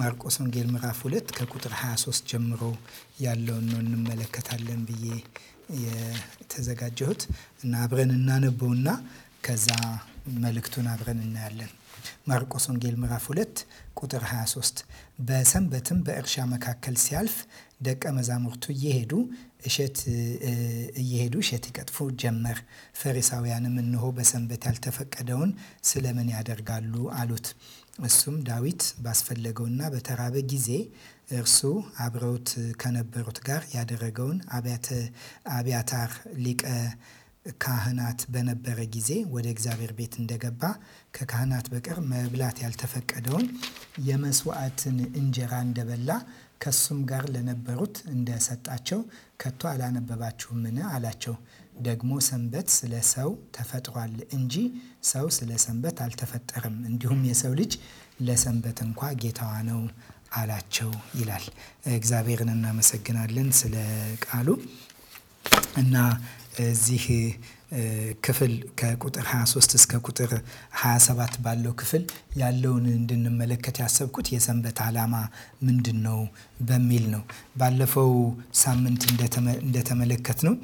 ማርቆስ ወንጌል ምዕራፍ ሁለት ከቁጥር 23 ጀምሮ ያለውን ነው እንመለከታለን ብዬ የተዘጋጀሁት እና አብረን እናነበውና ከዛ መልእክቱን አብረን እናያለን። ማርቆስ ወንጌል ምዕራፍ 2 ቁጥር 23 በሰንበትም በእርሻ መካከል ሲያልፍ ደቀ መዛሙርቱ እየሄዱ እሸት እየሄዱ እሸት ይቀጥፉ ጀመር። ፈሪሳውያንም እንሆ በሰንበት ያልተፈቀደውን ስለምን ያደርጋሉ አሉት። እሱም ዳዊት ባስፈለገውና በተራበ ጊዜ እርሱ አብረውት ከነበሩት ጋር ያደረገውን አብያታር ሊቀ ካህናት በነበረ ጊዜ ወደ እግዚአብሔር ቤት እንደገባ ከካህናት በቀር መብላት ያልተፈቀደውን የመስዋዕትን እንጀራ እንደበላ ከሱም ጋር ለነበሩት እንደሰጣቸው ከቶ አላነበባችሁምን አላቸው። ደግሞ ሰንበት ስለ ሰው ተፈጥሯል እንጂ ሰው ስለ ሰንበት አልተፈጠረም። እንዲሁም የሰው ልጅ ለሰንበት እንኳ ጌታዋ ነው አላቸው ይላል። እግዚአብሔርን እናመሰግናለን ስለ ቃሉ እና እዚህ ክፍል ከቁጥር 23 እስከ ቁጥር 27 ባለው ክፍል ያለውን እንድንመለከት ያሰብኩት የሰንበት ዓላማ ምንድን ነው በሚል ነው። ባለፈው ሳምንት እንደተመለከት ነው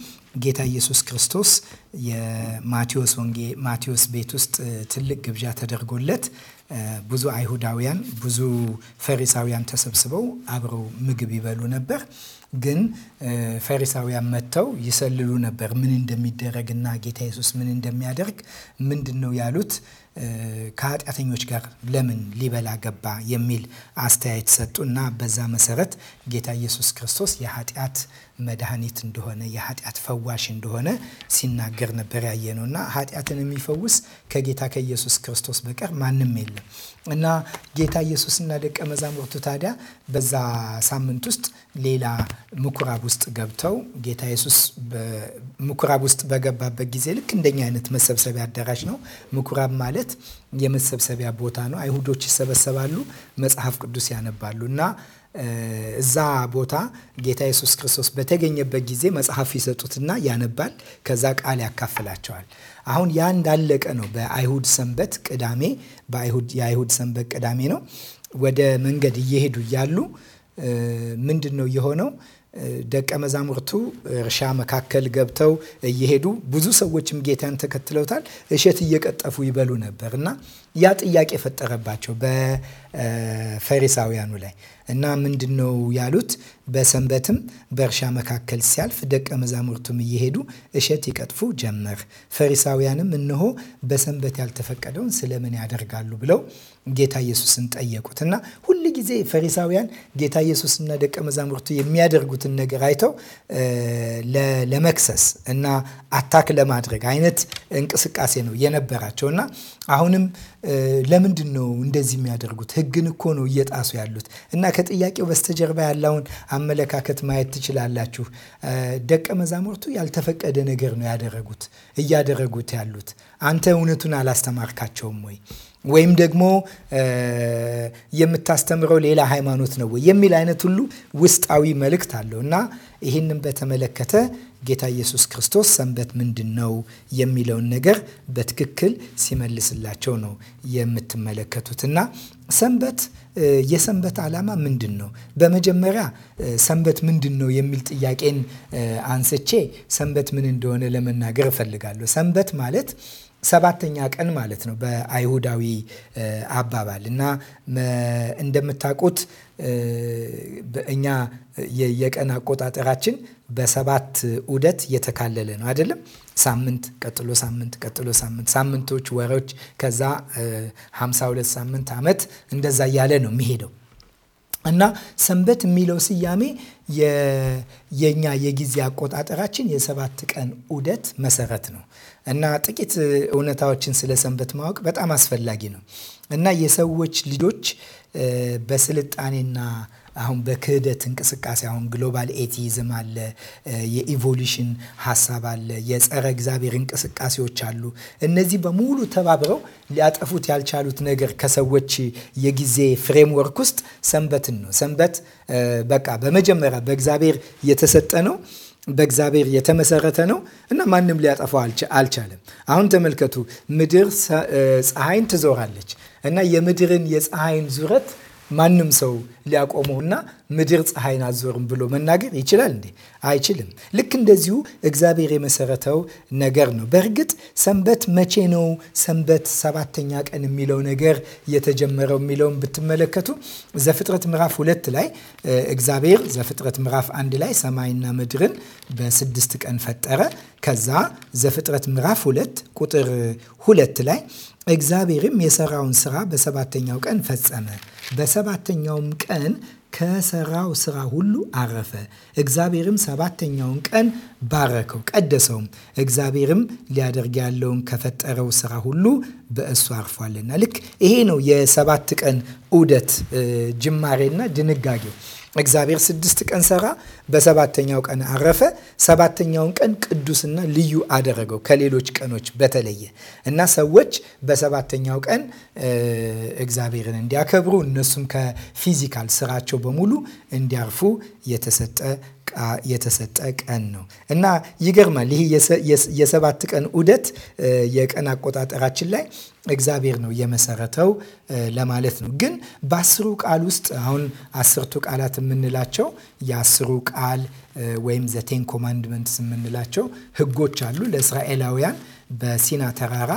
ጌታ ኢየሱስ ክርስቶስ የማቴዎስ ቤት ውስጥ ትልቅ ግብዣ ተደርጎለት ብዙ አይሁዳውያን ብዙ ፈሪሳውያን ተሰብስበው አብረው ምግብ ይበሉ ነበር። ግን ፈሪሳውያን መጥተው ይሰልሉ ነበር ምን እንደሚደረግና ጌታ ኢየሱስ ምን እንደሚያደርግ ምንድን ነው ያሉት ከኃጢአተኞች ጋር ለምን ሊበላ ገባ የሚል አስተያየት ሰጡና በዛ መሰረት ጌታ ኢየሱስ ክርስቶስ የኃጢአት መድኃኒት እንደሆነ የኃጢአት ፈዋሽ እንደሆነ ሲናገር ነበር ያየ ነው እና ኃጢአትን የሚፈውስ ከጌታ ከኢየሱስ ክርስቶስ በቀር ማንም የለም እና ጌታ ኢየሱስና ደቀ መዛሙርቱ ታዲያ በዛ ሳምንት ውስጥ ሌላ ምኩራብ ውስጥ ገብተው ጌታ ኢየሱስ ምኩራብ ውስጥ በገባበት ጊዜ ልክ እንደኛ አይነት መሰብሰቢያ አዳራሽ ነው። ምኩራብ ማለት የመሰብሰቢያ ቦታ ነው። አይሁዶች ይሰበሰባሉ፣ መጽሐፍ ቅዱስ ያነባሉ እና እዛ ቦታ ጌታ ኢየሱስ ክርስቶስ በተገኘበት ጊዜ መጽሐፍ ይሰጡትና ያነባል። ከዛ ቃል ያካፍላቸዋል። አሁን ያ እንዳለቀ ነው። በአይሁድ ሰንበት ቅዳሜ የአይሁድ ሰንበት ቅዳሜ ነው። ወደ መንገድ እየሄዱ እያሉ ምንድን ነው የሆነው? ደቀ መዛሙርቱ እርሻ መካከል ገብተው እየሄዱ ብዙ ሰዎችም ጌታን ተከትለውታል። እሸት እየቀጠፉ ይበሉ ነበር እና ያ ጥያቄ የፈጠረባቸው በፈሪሳውያኑ ላይ እና ምንድን ነው ያሉት? በሰንበትም በእርሻ መካከል ሲያልፍ ደቀ መዛሙርቱም እየሄዱ እሸት ይቀጥፉ ጀመር። ፈሪሳውያንም እነሆ በሰንበት ያልተፈቀደውን ስለምን ያደርጋሉ ብለው ጌታ ኢየሱስን ጠየቁት እና ጊዜ ፈሪሳውያን ጌታ ኢየሱስና ደቀ መዛሙርቱ የሚያደርጉትን ነገር አይተው ለመክሰስ እና አታክ ለማድረግ አይነት እንቅስቃሴ ነው የነበራቸው እና አሁንም ለምንድን ነው እንደዚህ የሚያደርጉት? ሕግን እኮ ነው እየጣሱ ያሉት እና ከጥያቄው በስተጀርባ ያለውን አመለካከት ማየት ትችላላችሁ። ደቀ መዛሙርቱ ያልተፈቀደ ነገር ነው ያደረጉት እያደረጉት ያሉት አንተ እውነቱን አላስተማርካቸውም ወይ ወይም ደግሞ የምታስተምረው ሌላ ሃይማኖት ነው ወይ የሚል አይነት ሁሉ ውስጣዊ መልእክት አለው እና ይህንም በተመለከተ ጌታ ኢየሱስ ክርስቶስ ሰንበት ምንድን ነው የሚለውን ነገር በትክክል ሲመልስላቸው ነው የምትመለከቱት እና ሰንበት የሰንበት ዓላማ ምንድን ነው? በመጀመሪያ ሰንበት ምንድን ነው የሚል ጥያቄን አንስቼ ሰንበት ምን እንደሆነ ለመናገር እፈልጋለሁ። ሰንበት ማለት ሰባተኛ ቀን ማለት ነው በአይሁዳዊ አባባል እና እንደምታውቁት እኛ የቀን አቆጣጠራችን በሰባት ዑደት የተካለለ ነው አይደለም? ሳምንት ቀጥሎ ሳምንት ቀጥሎ ሳምንት ሳምንቶች፣ ወሮች ከዛ 52 ሳምንት፣ ዓመት እንደዛ እያለ ነው የሚሄደው እና ሰንበት የሚለው ስያሜ የኛ የጊዜ አቆጣጠራችን የሰባት ቀን ዑደት መሰረት ነው እና ጥቂት እውነታዎችን ስለ ሰንበት ማወቅ በጣም አስፈላጊ ነው እና የሰዎች ልጆች በስልጣኔና አሁን በክህደት እንቅስቃሴ አሁን ግሎባል ኤቲይዝም አለ፣ የኢቮሉሽን ሀሳብ አለ፣ የጸረ እግዚአብሔር እንቅስቃሴዎች አሉ። እነዚህ በሙሉ ተባብረው ሊያጠፉት ያልቻሉት ነገር ከሰዎች የጊዜ ፍሬምወርክ ውስጥ ሰንበትን ነው። ሰንበት በቃ በመጀመሪያ በእግዚአብሔር የተሰጠ ነው። በእግዚአብሔር የተመሰረተ ነው እና ማንም ሊያጠፋው አልቻለም። አሁን ተመልከቱ፣ ምድር ፀሐይን ትዞራለች እና የምድርን የፀሐይን ዙረት ማንም ሰው ሊያቆመውና ምድር ፀሐይን አዞርም ብሎ መናገር ይችላል እንዴ? አይችልም። ልክ እንደዚሁ እግዚአብሔር የመሰረተው ነገር ነው። በእርግጥ ሰንበት መቼ ነው ሰንበት ሰባተኛ ቀን የሚለው ነገር የተጀመረው የሚለውን ብትመለከቱ ዘፍጥረት ምዕራፍ ሁለት ላይ እግዚአብሔር ዘፍጥረት ምዕራፍ አንድ ላይ ሰማይና ምድርን በስድስት ቀን ፈጠረ። ከዛ ዘፍጥረት ምዕራፍ ሁለት ቁጥር ሁለት ላይ እግዚአብሔርም የሰራውን ስራ በሰባተኛው ቀን ፈጸመ በሰባተኛውም ቀን ከሰራው ስራ ሁሉ አረፈ። እግዚአብሔርም ሰባተኛውን ቀን ባረከው፣ ቀደሰውም። እግዚአብሔርም ሊያደርግ ያለውን ከፈጠረው ስራ ሁሉ በእሱ አርፏልና። ልክ ይሄ ነው የሰባት ቀን ዑደት ጅማሬና ድንጋጌው። እግዚአብሔር ስድስት ቀን ሰራ፣ በሰባተኛው ቀን አረፈ። ሰባተኛውን ቀን ቅዱስና ልዩ አደረገው ከሌሎች ቀኖች በተለየ እና ሰዎች በሰባተኛው ቀን እግዚአብሔርን እንዲያከብሩ እነሱም ከፊዚካል ስራቸው በሙሉ እንዲያርፉ የተሰጠ የተሰጠ ቀን ነው እና ይገርማል። ይህ የሰባት ቀን ዑደት የቀን አቆጣጠራችን ላይ እግዚአብሔር ነው የመሰረተው ለማለት ነው። ግን በአስሩ ቃል ውስጥ አሁን አስርቱ ቃላት የምንላቸው የአስሩ ቃል ቃል ወይም ዘቴን ኮማንድመንትስ የምንላቸው ህጎች አሉ ለእስራኤላውያን በሲና ተራራ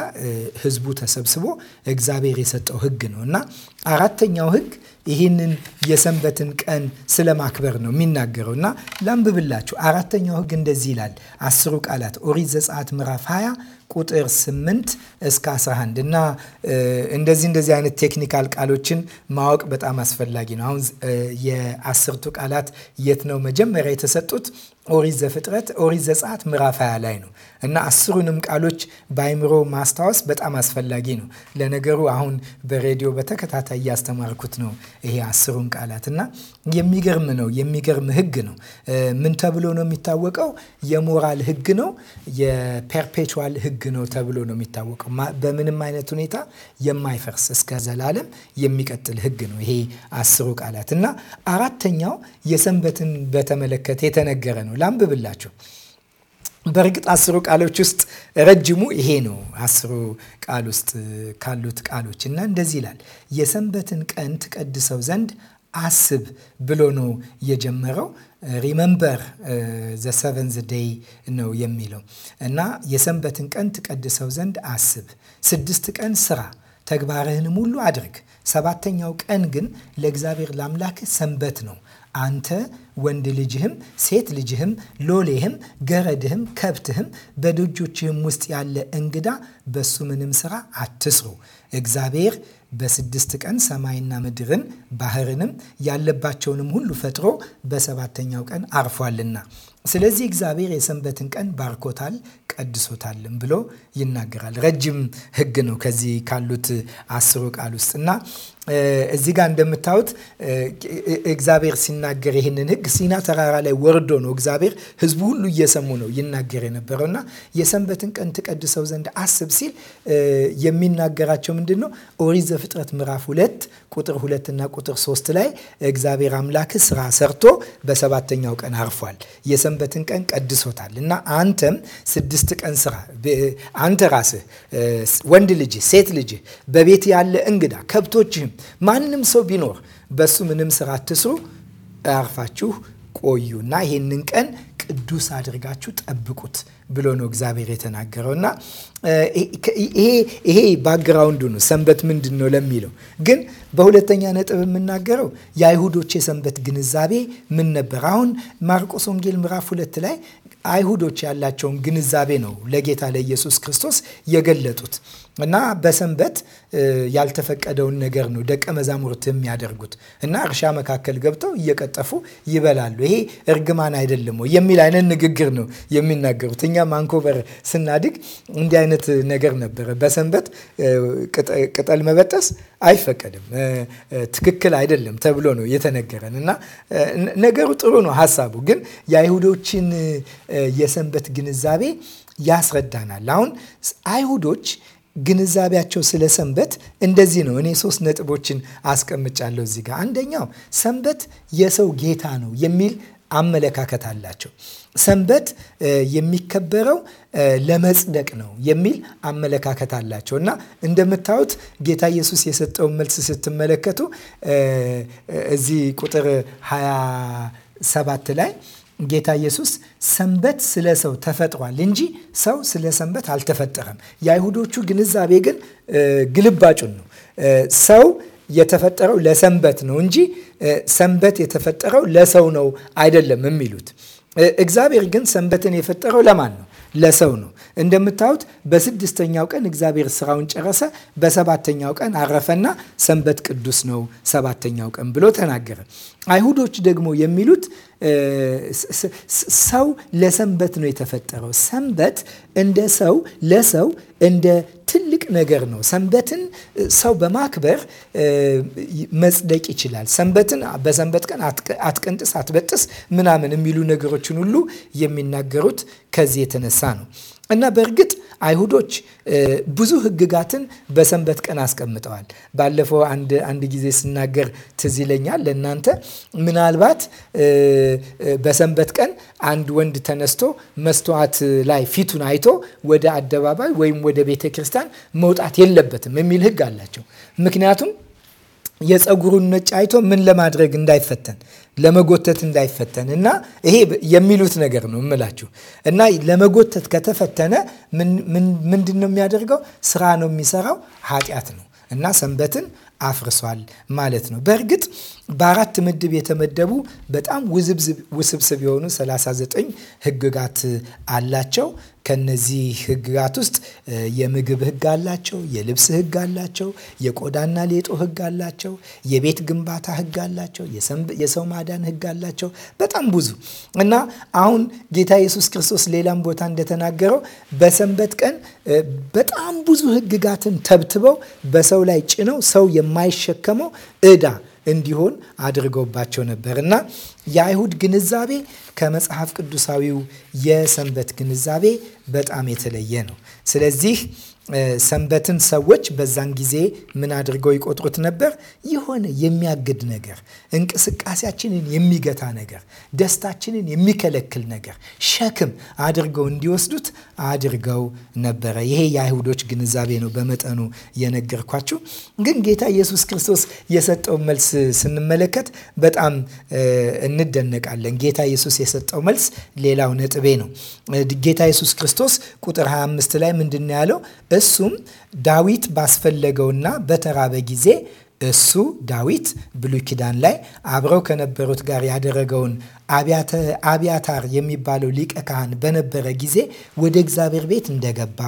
ህዝቡ ተሰብስቦ እግዚአብሔር የሰጠው ህግ ነው እና አራተኛው ህግ ይህንን የሰንበትን ቀን ስለ ማክበር ነው የሚናገረው እና ላንብብላችሁ። አራተኛው ህግ እንደዚህ ይላል። አስሩ ቃላት ኦሪት ዘጸአት ምዕራፍ 20 ቁጥር 8 እስከ 11 እና እንደዚህ እንደዚህ አይነት ቴክኒካል ቃሎችን ማወቅ በጣም አስፈላጊ ነው። አሁን የአስርቱ ቃላት የት ነው መጀመሪያ የተሰጡት? ኦሪት ዘፍጥረት ኦሪት ዘጸአት ምዕራፍ 20 ላይ ነው እና አስሩንም ቃሎች በአይምሮ ማስታወስ በጣም አስፈላጊ ነው። ለነገሩ አሁን በሬዲዮ በተከታተል እያስተማርኩት ነው ይሄ አስሩን ቃላት እና የሚገርም ነው። የሚገርም ህግ ነው። ምን ተብሎ ነው የሚታወቀው? የሞራል ህግ ነው። የፐርፔቹዋል ህግ ነው ተብሎ ነው የሚታወቀው። በምንም አይነት ሁኔታ የማይፈርስ እስከ ዘላለም የሚቀጥል ህግ ነው ይሄ አስሩ ቃላት እና አራተኛው የሰንበትን በተመለከተ የተነገረ ነው። ላንብብላችሁ በእርግጥ አስሩ ቃሎች ውስጥ ረጅሙ ይሄ ነው። አስሩ ቃል ውስጥ ካሉት ቃሎች እና እንደዚህ ይላል የሰንበትን ቀን ትቀድሰው ዘንድ አስብ ብሎ ነው የጀመረው። ሪመምበር ዘ ሰቨንዝ ነው የሚለው እና የሰንበትን ቀን ትቀድሰው ዘንድ አስብ። ስድስት ቀን ስራ ተግባርህንም ሁሉ አድርግ። ሰባተኛው ቀን ግን ለእግዚአብሔር ላምላክ ሰንበት ነው። አንተ ወንድ ልጅህም ሴት ልጅህም ሎሌህም ገረድህም ከብትህም በደጆችህም ውስጥ ያለ እንግዳ በሱ ምንም ስራ አትስሩ። እግዚአብሔር በስድስት ቀን ሰማይና ምድርን ባህርንም ያለባቸውንም ሁሉ ፈጥሮ በሰባተኛው ቀን አርፏልና ስለዚህ እግዚአብሔር የሰንበትን ቀን ባርኮታል ቀድሶታልም ብሎ ይናገራል። ረጅም ሕግ ነው ከዚህ ካሉት አስሩ ቃል ውስጥ እና እዚህ ጋር እንደምታዩት እግዚአብሔር ሲናገር ይህንን ሕግ ሲና ተራራ ላይ ወርዶ ነው እግዚአብሔር ሕዝቡ ሁሉ እየሰሙ ነው ይናገር የነበረው እና የሰንበትን ቀን ትቀድሰው ዘንድ አስብ ሲል የሚናገራቸው ምንድን ነው? ኦሪት ዘፍጥረት ምዕራፍ ሁለት ቁጥር ሁለት እና ቁጥር ሶስት ላይ እግዚአብሔር አምላክ ስራ ሰርቶ በሰባተኛው ቀን አርፏል። የሰንበትን ቀን ቀድሶታል እና አንተም ስድስት ቀን ስራ። አንተ ራስህ ወንድ ልጅ ሴት ልጅ በቤት ያለ እንግዳ፣ ከብቶችህም፣ ማንም ሰው ቢኖር በሱ ምንም ስራ አትስሩ፣ አርፋችሁ ቆዩ እና ይህንን ቀን ቅዱስ አድርጋችሁ ጠብቁት ብሎ ነው እግዚአብሔር የተናገረው እና ይሄ ባክግራውንዱ ነው ሰንበት ምንድን ነው ለሚለው። ግን በሁለተኛ ነጥብ የምናገረው የአይሁዶች የሰንበት ግንዛቤ ምን ነበር? አሁን ማርቆስ ወንጌል ምዕራፍ ሁለት ላይ አይሁዶች ያላቸውን ግንዛቤ ነው ለጌታ ለኢየሱስ ክርስቶስ የገለጡት እና በሰንበት ያልተፈቀደውን ነገር ነው ደቀ መዛሙርት የሚያደርጉት እና እርሻ መካከል ገብተው እየቀጠፉ ይበላሉ። ይሄ እርግማን አይደለም የሚል አይነት ንግግር ነው የሚናገሩት። እኛ ማንኮበር ስናድግ እንዲህ አይነት ነገር ነበረ። በሰንበት ቅጠል መበጠስ አይፈቀድም፣ ትክክል አይደለም ተብሎ ነው የተነገረን እና ነገሩ ጥሩ ነው ሀሳቡ ግን የአይሁዶችን የሰንበት ግንዛቤ ያስረዳናል። አሁን አይሁዶች ግንዛቤያቸው ስለ ሰንበት እንደዚህ ነው። እኔ ሶስት ነጥቦችን አስቀምጫለሁ እዚህ ጋር። አንደኛው ሰንበት የሰው ጌታ ነው የሚል አመለካከት አላቸው። ሰንበት የሚከበረው ለመጽደቅ ነው የሚል አመለካከት አላቸው እና እንደምታዩት ጌታ ኢየሱስ የሰጠውን መልስ ስትመለከቱ እዚህ ቁጥር 27 ላይ ጌታ ኢየሱስ ሰንበት ስለ ሰው ተፈጥሯል እንጂ ሰው ስለ ሰንበት አልተፈጠረም። የአይሁዶቹ ግንዛቤ ግን ግልባጩን ነው። ሰው የተፈጠረው ለሰንበት ነው እንጂ ሰንበት የተፈጠረው ለሰው ነው አይደለም የሚሉት እግዚአብሔር ግን ሰንበትን የፈጠረው ለማን ነው? ለሰው ነው። እንደምታዩት በስድስተኛው ቀን እግዚአብሔር ስራውን ጨረሰ። በሰባተኛው ቀን አረፈና ሰንበት ቅዱስ ነው ሰባተኛው ቀን ብሎ ተናገረ። አይሁዶች ደግሞ የሚሉት ሰው ለሰንበት ነው የተፈጠረው። ሰንበት እንደ ሰው ለሰው እንደ ትልቅ ነገር ነው። ሰንበትን ሰው በማክበር መጽደቅ ይችላል። ሰንበትን በሰንበት ቀን አትቀንጥስ፣ አትበጥስ ምናምን የሚሉ ነገሮችን ሁሉ የሚናገሩት ከዚህ የተነሳ ነው። እና በእርግጥ አይሁዶች ብዙ ህግጋትን በሰንበት ቀን አስቀምጠዋል። ባለፈው አንድ ጊዜ ስናገር ትዝ ይለኛል ለእናንተ ምናልባት በሰንበት ቀን አንድ ወንድ ተነስቶ መስተዋት ላይ ፊቱን አይቶ ወደ አደባባይ ወይም ወደ ቤተ ክርስቲያን መውጣት የለበትም የሚል ህግ አላቸው። ምክንያቱም የፀጉሩን ነጭ አይቶ ምን ለማድረግ እንዳይፈተን ለመጎተት እንዳይፈተን እና ይሄ የሚሉት ነገር ነው እምላችሁ እና ለመጎተት ከተፈተነ ምንድን ነው የሚያደርገው? ስራ ነው የሚሰራው፣ ኃጢአት ነው እና ሰንበትን አፍርሷል ማለት ነው። በእርግጥ በአራት ምድብ የተመደቡ በጣም ውስብስብ የሆኑ 39 ህግጋት አላቸው። ከነዚህ ህግጋት ውስጥ የምግብ ህግ አላቸው፣ የልብስ ህግ አላቸው፣ የቆዳና ሌጦ ህግ አላቸው፣ የቤት ግንባታ ህግ አላቸው፣ የሰው ማዳን ህግ አላቸው። በጣም ብዙ እና አሁን ጌታ ኢየሱስ ክርስቶስ ሌላም ቦታ እንደተናገረው በሰንበት ቀን በጣም ብዙ ህግጋትን ተብትበው በሰው ላይ ጭነው ሰው የማይሸከመው እዳ እንዲሆን አድርገውባቸው ነበር እና የአይሁድ ግንዛቤ ከመጽሐፍ ቅዱሳዊው የሰንበት ግንዛቤ በጣም የተለየ ነው። ስለዚህ ሰንበትን ሰዎች በዛን ጊዜ ምን አድርገው ይቆጥሩት ነበር? የሆነ የሚያግድ ነገር፣ እንቅስቃሴያችንን የሚገታ ነገር፣ ደስታችንን የሚከለክል ነገር፣ ሸክም አድርገው እንዲወስዱት አድርገው ነበረ። ይሄ የአይሁዶች ግንዛቤ ነው በመጠኑ የነገርኳችሁ። ግን ጌታ ኢየሱስ ክርስቶስ የሰጠውን መልስ ስንመለከት በጣም እንደነቃለን። ጌታ ኢየሱስ የሰጠው መልስ ሌላው ነጥቤ ነው። ጌታ ኢየሱስ ክርስቶስ ቁጥር 25 ላይ ምንድን ያለው እሱም ዳዊት ባስፈለገውና በተራበ ጊዜ እሱ ዳዊት ብሉይ ኪዳን ላይ አብረው ከነበሩት ጋር ያደረገውን አብያታር የሚባለው ሊቀ ካህን በነበረ ጊዜ ወደ እግዚአብሔር ቤት እንደገባ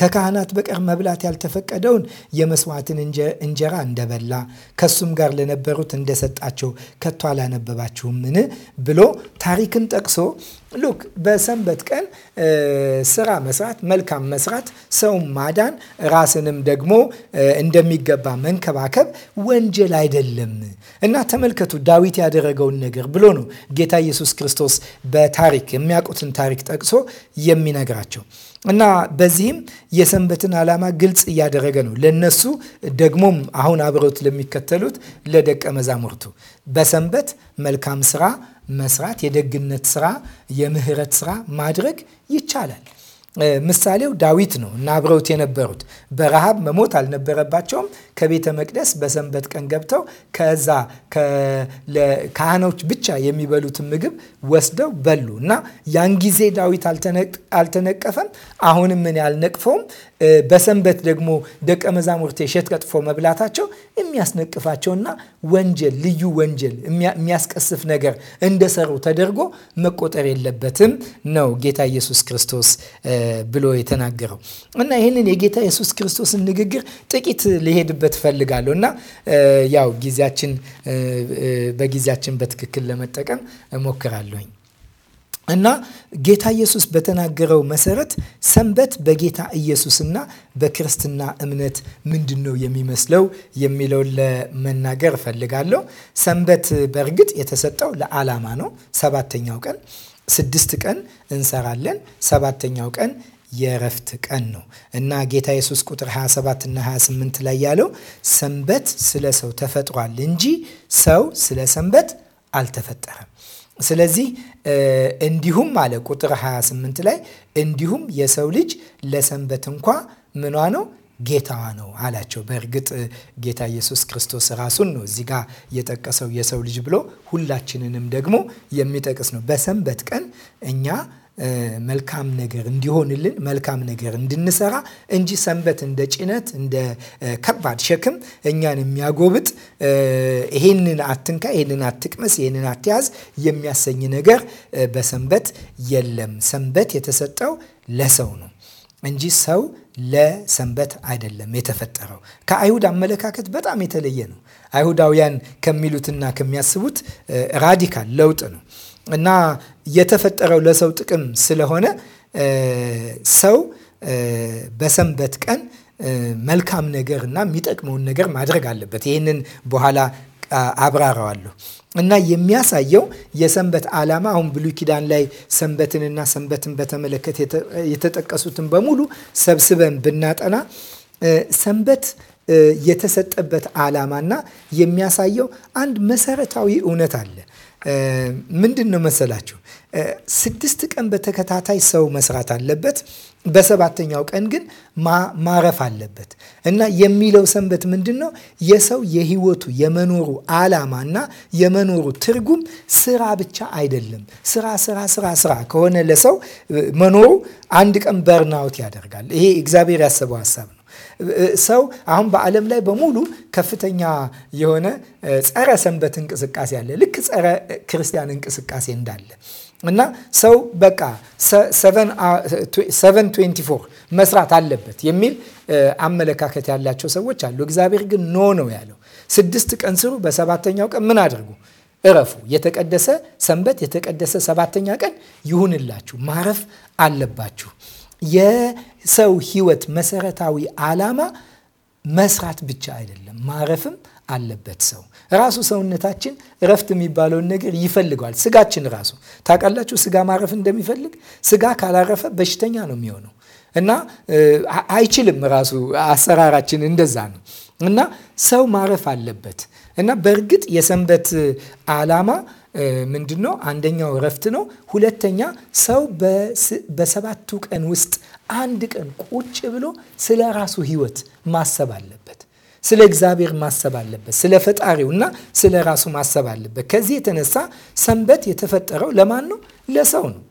ከካህናት በቀር መብላት ያልተፈቀደውን የመስዋዕትን እንጀራ እንደበላ ከሱም ጋር ለነበሩት እንደሰጣቸው ከቶ አላነበባችሁምን ብሎ ታሪክን ጠቅሶ ሉክ በሰንበት ቀን ስራ መስራት፣ መልካም መስራት፣ ሰውን ማዳን፣ ራስንም ደግሞ እንደሚገባ መንከባከብ ወንጀል አይደለም እና ተመልከቱ ዳዊት ያደረገውን ነገር ብሎ ነው ጌታ ኢየሱስ ክርስቶስ በታሪክ የሚያውቁትን ታሪክ ጠቅሶ የሚነግራቸው እና በዚህም የሰንበትን ዓላማ ግልጽ እያደረገ ነው ለነሱ ደግሞም አሁን አብረውት ለሚከተሉት ለደቀ መዛሙርቱ በሰንበት መልካም ስራ መስራት፣ የደግነት ስራ፣ የምህረት ስራ ማድረግ ይቻላል። ምሳሌው ዳዊት ነው እና አብረውት የነበሩት በረሃብ መሞት አልነበረባቸውም። ከቤተ መቅደስ በሰንበት ቀን ገብተው ከዛ ካህኖች ብቻ የሚበሉትን ምግብ ወስደው በሉ እና ያን ጊዜ ዳዊት አልተነቀፈም። አሁንም ምን ያልነቅፈውም። በሰንበት ደግሞ ደቀ መዛሙርት የሸት ቀጥፎ መብላታቸው የሚያስነቅፋቸውና ወንጀል ልዩ ወንጀል የሚያስቀስፍ ነገር እንደሰሩ ተደርጎ መቆጠር የለበትም ነው ጌታ ኢየሱስ ክርስቶስ ብሎ የተናገረው እና ይህንን የጌታ ኢየሱስ ክርስቶስን ንግግር ጥቂት ሊሄድበት ማለት እፈልጋለሁ እና ያው ጊዜያችን በጊዜያችን በትክክል ለመጠቀም እሞክራለሁኝ እና ጌታ ኢየሱስ በተናገረው መሰረት ሰንበት በጌታ ኢየሱስና በክርስትና እምነት ምንድን ነው የሚመስለው የሚለውን ለመናገር እፈልጋለሁ። ሰንበት በእርግጥ የተሰጠው ለዓላማ ነው። ሰባተኛው ቀን ስድስት ቀን እንሰራለን፣ ሰባተኛው ቀን የእረፍት ቀን ነው እና ጌታ ኢየሱስ ቁጥር 27 እና 28 ላይ ያለው ሰንበት ስለ ሰው ተፈጥሯል እንጂ ሰው ስለ ሰንበት አልተፈጠረም። ስለዚህ እንዲሁም አለ ቁጥር 28 ላይ እንዲሁም የሰው ልጅ ለሰንበት እንኳ ምኗ ነው ጌታዋ ነው አላቸው። በእርግጥ ጌታ ኢየሱስ ክርስቶስ ራሱን ነው እዚህ ጋር የጠቀሰው የሰው ልጅ ብሎ ሁላችንንም ደግሞ የሚጠቅስ ነው። በሰንበት ቀን እኛ መልካም ነገር እንዲሆንልን መልካም ነገር እንድንሰራ እንጂ ሰንበት እንደ ጭነት እንደ ከባድ ሸክም እኛን የሚያጎብጥ ይሄንን አትንካ፣ ይሄንን አትቅመስ፣ ይሄንን አትያዝ የሚያሰኝ ነገር በሰንበት የለም። ሰንበት የተሰጠው ለሰው ነው እንጂ ሰው ለሰንበት አይደለም የተፈጠረው። ከአይሁድ አመለካከት በጣም የተለየ ነው። አይሁዳውያን ከሚሉትና ከሚያስቡት ራዲካል ለውጥ ነው። እና የተፈጠረው ለሰው ጥቅም ስለሆነ ሰው በሰንበት ቀን መልካም ነገር እና የሚጠቅመውን ነገር ማድረግ አለበት። ይህንን በኋላ አብራረዋለሁ እና የሚያሳየው የሰንበት ዓላማ አሁን ብሉይ ኪዳን ላይ ሰንበትንና ሰንበትን በተመለከተ የተጠቀሱትን በሙሉ ሰብስበን ብናጠና ሰንበት የተሰጠበት ዓላማና የሚያሳየው አንድ መሰረታዊ እውነት አለ። ምንድን ነው መሰላችሁ? ስድስት ቀን በተከታታይ ሰው መስራት አለበት። በሰባተኛው ቀን ግን ማረፍ አለበት እና የሚለው ሰንበት ምንድን ነው? የሰው የህይወቱ የመኖሩ አላማ እና የመኖሩ ትርጉም ስራ ብቻ አይደለም። ስራ ስራ ስራ ስራ ከሆነ ለሰው መኖሩ አንድ ቀን በርናውት ያደርጋል። ይሄ እግዚአብሔር ያሰበው ሀሳብ ነው። ሰው አሁን በዓለም ላይ በሙሉ ከፍተኛ የሆነ ጸረ ሰንበት እንቅስቃሴ አለ። ልክ ጸረ ክርስቲያን እንቅስቃሴ እንዳለ እና ሰው በቃ 724 መስራት አለበት የሚል አመለካከት ያላቸው ሰዎች አሉ። እግዚአብሔር ግን ኖ ነው ያለው። ስድስት ቀን ስሩ፣ በሰባተኛው ቀን ምን አድርጉ? እረፉ። የተቀደሰ ሰንበት፣ የተቀደሰ ሰባተኛ ቀን ይሁንላችሁ፣ ማረፍ አለባችሁ። የሰው ህይወት መሰረታዊ ዓላማ መስራት ብቻ አይደለም፣ ማረፍም አለበት። ሰው ራሱ ሰውነታችን እረፍት የሚባለውን ነገር ይፈልገዋል። ስጋችን ራሱ ታውቃላችሁ፣ ስጋ ማረፍ እንደሚፈልግ ስጋ ካላረፈ በሽተኛ ነው የሚሆነው እና አይችልም። ራሱ አሰራራችን እንደዛ ነው እና ሰው ማረፍ አለበት እና በእርግጥ የሰንበት ዓላማ ምንድን ነው? አንደኛው እረፍት ነው። ሁለተኛ ሰው በሰባቱ ቀን ውስጥ አንድ ቀን ቁጭ ብሎ ስለ ራሱ ህይወት ማሰብ አለበት። ስለ እግዚአብሔር ማሰብ አለበት። ስለ ፈጣሪው እና ስለ ራሱ ማሰብ አለበት። ከዚህ የተነሳ ሰንበት የተፈጠረው ለማን ነው? ለሰው ነው።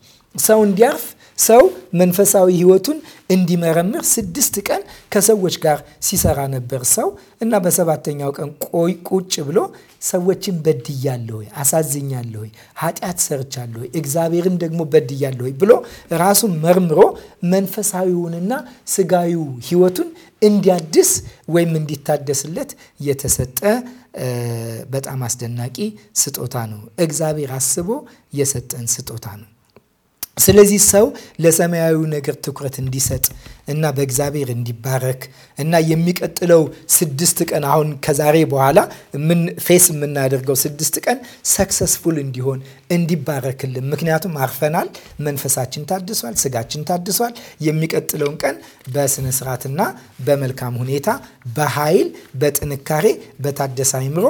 ሰው እንዲያርፍ ሰው መንፈሳዊ ህይወቱን እንዲመረምር ስድስት ቀን ከሰዎች ጋር ሲሰራ ነበር ሰው እና በሰባተኛው ቀን ቆይ ቁጭ ብሎ ሰዎችን በድያለሁ ወይ፣ አሳዝኛለሁ ወይ፣ ኃጢአት ሰርቻለሁ ወይ፣ እግዚአብሔርን ደግሞ በድያለሁ ወይ ብሎ ራሱን መርምሮ መንፈሳዊውንና ስጋዊው ህይወቱን እንዲያድስ ወይም እንዲታደስለት የተሰጠ በጣም አስደናቂ ስጦታ ነው። እግዚአብሔር አስቦ የሰጠን ስጦታ ነው። ስለዚህ ሰው ለሰማያዊ ነገር ትኩረት እንዲሰጥ እና በእግዚአብሔር እንዲባረክ እና የሚቀጥለው ስድስት ቀን አሁን ከዛሬ በኋላ ምን ፌስ የምናደርገው ስድስት ቀን ሰክሰስፉል እንዲሆን እንዲባረክልን። ምክንያቱም አርፈናል፣ መንፈሳችን ታድሷል፣ ስጋችን ታድሷል። የሚቀጥለውን ቀን በስነ ስርዓትና በመልካም ሁኔታ በኃይል በጥንካሬ በታደሰ አይምሮ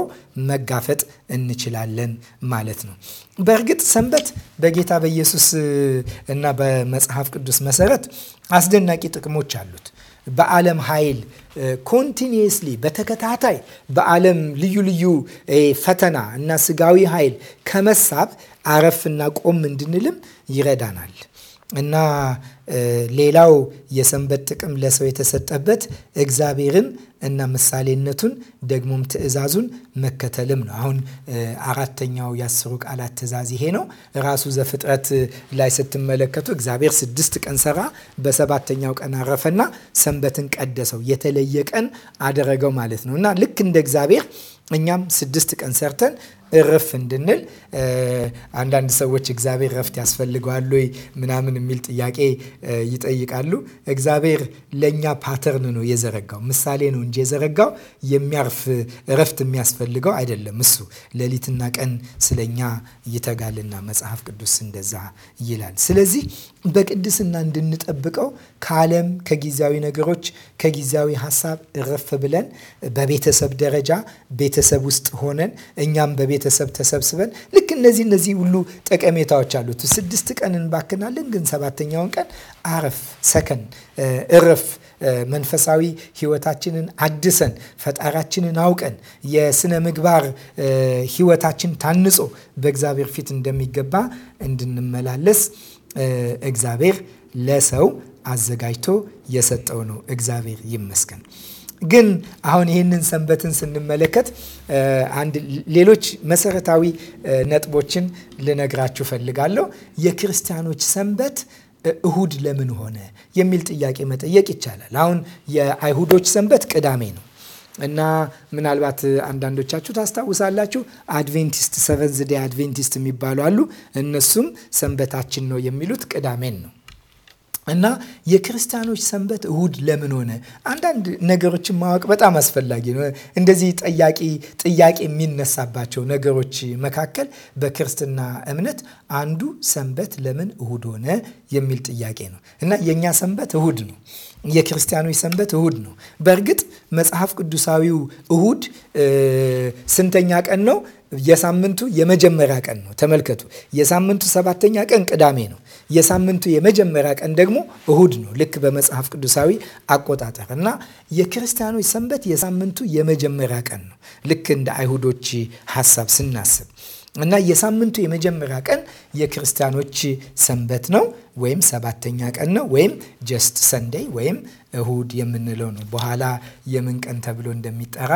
መጋፈጥ እንችላለን ማለት ነው። በእርግጥ ሰንበት በጌታ በኢየሱስ እና በመጽሐፍ ቅዱስ መሰረት አስደናቂ ጥቅሞች አሉት። በዓለም ኃይል ኮንቲኒየስሊ በተከታታይ በዓለም ልዩ ልዩ ፈተና እና ስጋዊ ኃይል ከመሳብ አረፍና ቆም እንድንልም ይረዳናል። እና ሌላው የሰንበት ጥቅም ለሰው የተሰጠበት እግዚአብሔርን እና ምሳሌነቱን ደግሞም ትእዛዙን መከተልም ነው። አሁን አራተኛው የአስሩ ቃላት ትእዛዝ ይሄ ነው። ራሱ ዘፍጥረት ላይ ስትመለከቱ እግዚአብሔር ስድስት ቀን ሰራ፣ በሰባተኛው ቀን አረፈና ሰንበትን ቀደሰው፣ የተለየ ቀን አደረገው ማለት ነው እና ልክ እንደ እግዚአብሔር እኛም ስድስት ቀን ሰርተን እረፍ እንድንል አንዳንድ ሰዎች እግዚአብሔር እረፍት ያስፈልገዋል ወይ ምናምን የሚል ጥያቄ ይጠይቃሉ። እግዚአብሔር ለእኛ ፓተርን ነው የዘረጋው፣ ምሳሌ ነው እንጂ የዘረጋው የሚያርፍ እረፍት የሚያስፈልገው አይደለም። እሱ ሌሊትና ቀን ስለኛ ይተጋልና መጽሐፍ ቅዱስ እንደዛ ይላል። ስለዚህ በቅድስና እንድንጠብቀው ከዓለም ከጊዜያዊ ነገሮች ከጊዜያዊ ሀሳብ እረፍ ብለን በቤተሰብ ደረጃ ቤተሰብ ውስጥ ሆነን እኛም በቤ ቤተሰብ ተሰብስበን ልክ እነዚህ እነዚህ ሁሉ ጠቀሜታዎች አሉት። ስድስት ቀን እንባክናለን፣ ግን ሰባተኛውን ቀን አረፍ ሰከን እረፍ መንፈሳዊ ህይወታችንን አድሰን ፈጣራችንን አውቀን የስነ ምግባር ህይወታችን ታንጾ በእግዚአብሔር ፊት እንደሚገባ እንድንመላለስ እግዚአብሔር ለሰው አዘጋጅቶ የሰጠው ነው። እግዚአብሔር ይመስገን። ግን አሁን ይህንን ሰንበትን ስንመለከት አንድ ሌሎች መሰረታዊ ነጥቦችን ልነግራችሁ ፈልጋለሁ። የክርስቲያኖች ሰንበት እሁድ ለምን ሆነ የሚል ጥያቄ መጠየቅ ይቻላል። አሁን የአይሁዶች ሰንበት ቅዳሜ ነው እና ምናልባት አንዳንዶቻችሁ ታስታውሳላችሁ አድቬንቲስት ሰቨንዝ ዴይ አድቬንቲስት የሚባሉ አሉ። እነሱም ሰንበታችን ነው የሚሉት ቅዳሜን ነው እና የክርስቲያኖች ሰንበት እሁድ ለምን ሆነ? አንዳንድ ነገሮችን ማወቅ በጣም አስፈላጊ ነው። እንደዚህ ጥያቄ ጥያቄ የሚነሳባቸው ነገሮች መካከል በክርስትና እምነት አንዱ ሰንበት ለምን እሁድ ሆነ የሚል ጥያቄ ነው እና የእኛ ሰንበት እሁድ ነው። የክርስቲያኖች ሰንበት እሁድ ነው። በእርግጥ መጽሐፍ ቅዱሳዊው እሁድ ስንተኛ ቀን ነው? የሳምንቱ የመጀመሪያ ቀን ነው። ተመልከቱ፣ የሳምንቱ ሰባተኛ ቀን ቅዳሜ ነው። የሳምንቱ የመጀመሪያ ቀን ደግሞ እሁድ ነው። ልክ በመጽሐፍ ቅዱሳዊ አቆጣጠር እና የክርስቲያኖች ሰንበት የሳምንቱ የመጀመሪያ ቀን ነው። ልክ እንደ አይሁዶች ሀሳብ ስናስብ እና የሳምንቱ የመጀመሪያ ቀን የክርስቲያኖች ሰንበት ነው ወይም ሰባተኛ ቀን ነው ወይም ጀስት ሰንደይ ወይም እሁድ የምንለው ነው። በኋላ የምን ቀን ተብሎ እንደሚጠራ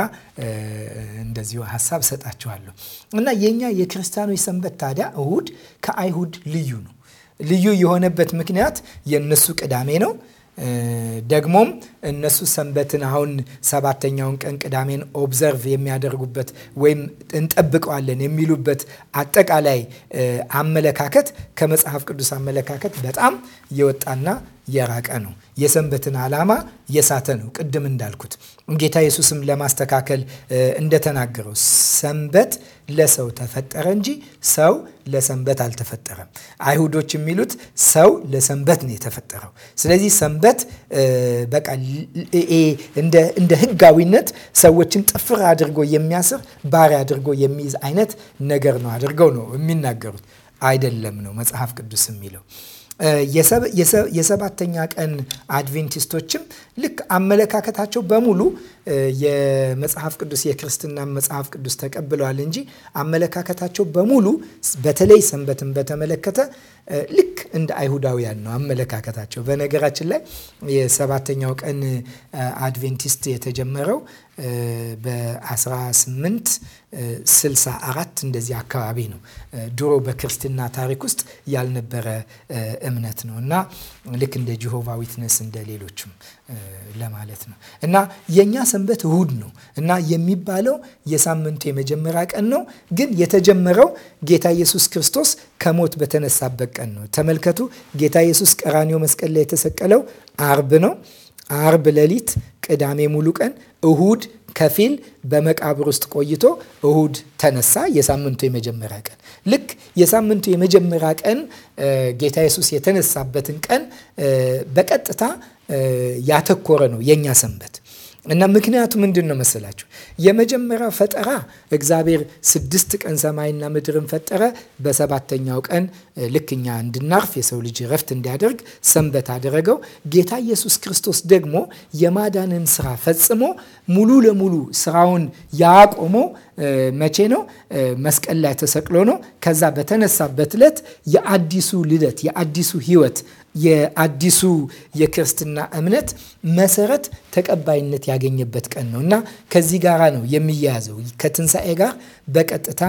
እንደዚሁ ሀሳብ ሰጣችኋለሁ። እና የኛ የክርስቲያኖች ሰንበት ታዲያ እሁድ ከአይሁድ ልዩ ነው። ልዩ የሆነበት ምክንያት የእነሱ ቅዳሜ ነው። ደግሞም እነሱ ሰንበትን አሁን ሰባተኛውን ቀን ቅዳሜን ኦብዘርቭ የሚያደርጉበት ወይም እንጠብቀዋለን የሚሉበት አጠቃላይ አመለካከት ከመጽሐፍ ቅዱስ አመለካከት በጣም የወጣና የራቀ ነው። የሰንበትን ዓላማ የሳተ ነው። ቅድም እንዳልኩት ጌታ ኢየሱስም ለማስተካከል እንደተናገረው ሰንበት ለሰው ተፈጠረ እንጂ ሰው ለሰንበት አልተፈጠረም። አይሁዶች የሚሉት ሰው ለሰንበት ነው የተፈጠረው። ስለዚህ ሰንበት በቃ እንደ ሕጋዊነት ሰዎችን ጥፍር አድርጎ የሚያስር ባሪያ አድርጎ የሚይዝ አይነት ነገር ነው አድርገው ነው የሚናገሩት። አይደለም ነው መጽሐፍ ቅዱስ የሚለው የሰባተኛ ቀን አድቬንቲስቶችም ልክ አመለካከታቸው በሙሉ የመጽሐፍ ቅዱስ የክርስትና መጽሐፍ ቅዱስ ተቀብለዋል እንጂ አመለካከታቸው በሙሉ በተለይ ሰንበትን በተመለከተ ልክ እንደ አይሁዳውያን ነው አመለካከታቸው። በነገራችን ላይ የሰባተኛው ቀን አድቬንቲስት የተጀመረው በ1864 እንደዚህ አካባቢ ነው። ድሮ በክርስትና ታሪክ ውስጥ ያልነበረ እምነት ነው እና ልክ እንደ ጂሆቫ ዊትነስ እንደ ሌሎችም ለማለት ነው እና የእኛ ሰንበት እሁድ ነው እና የሚባለው የሳምንቱ የመጀመሪያ ቀን ነው። ግን የተጀመረው ጌታ ኢየሱስ ክርስቶስ ከሞት በተነሳበት ቀን ነው። ተመልከቱ፣ ጌታ ኢየሱስ ቀራኒዮ መስቀል ላይ የተሰቀለው አርብ ነው። አርብ ሌሊት፣ ቅዳሜ ሙሉ ቀን፣ እሁድ ከፊል በመቃብር ውስጥ ቆይቶ እሁድ ተነሳ። የሳምንቱ የመጀመሪያ ቀን ልክ የሳምንቱ የመጀመሪያ ቀን ጌታ ኢየሱስ የተነሳበትን ቀን በቀጥታ ያተኮረ ነው የእኛ ሰንበት እና ምክንያቱ ምንድን ነው መሰላችሁ? የመጀመሪያው ፈጠራ እግዚአብሔር ስድስት ቀን ሰማይና ምድርን ፈጠረ። በሰባተኛው ቀን ልክኛ እንድናርፍ የሰው ልጅ ረፍት እንዲያደርግ ሰንበት አደረገው። ጌታ ኢየሱስ ክርስቶስ ደግሞ የማዳንን ስራ ፈጽሞ ሙሉ ለሙሉ ስራውን ያቆመው መቼ ነው? መስቀል ላይ ተሰቅሎ ነው። ከዛ በተነሳበት ዕለት የአዲሱ ልደት፣ የአዲሱ ህይወት፣ የአዲሱ የክርስትና እምነት መሰረት ተቀባይነት ያገኘበት ቀን ነው እና ከዚህ ጋር ነው የሚያያዘው። ከትንሣኤ ጋር በቀጥታ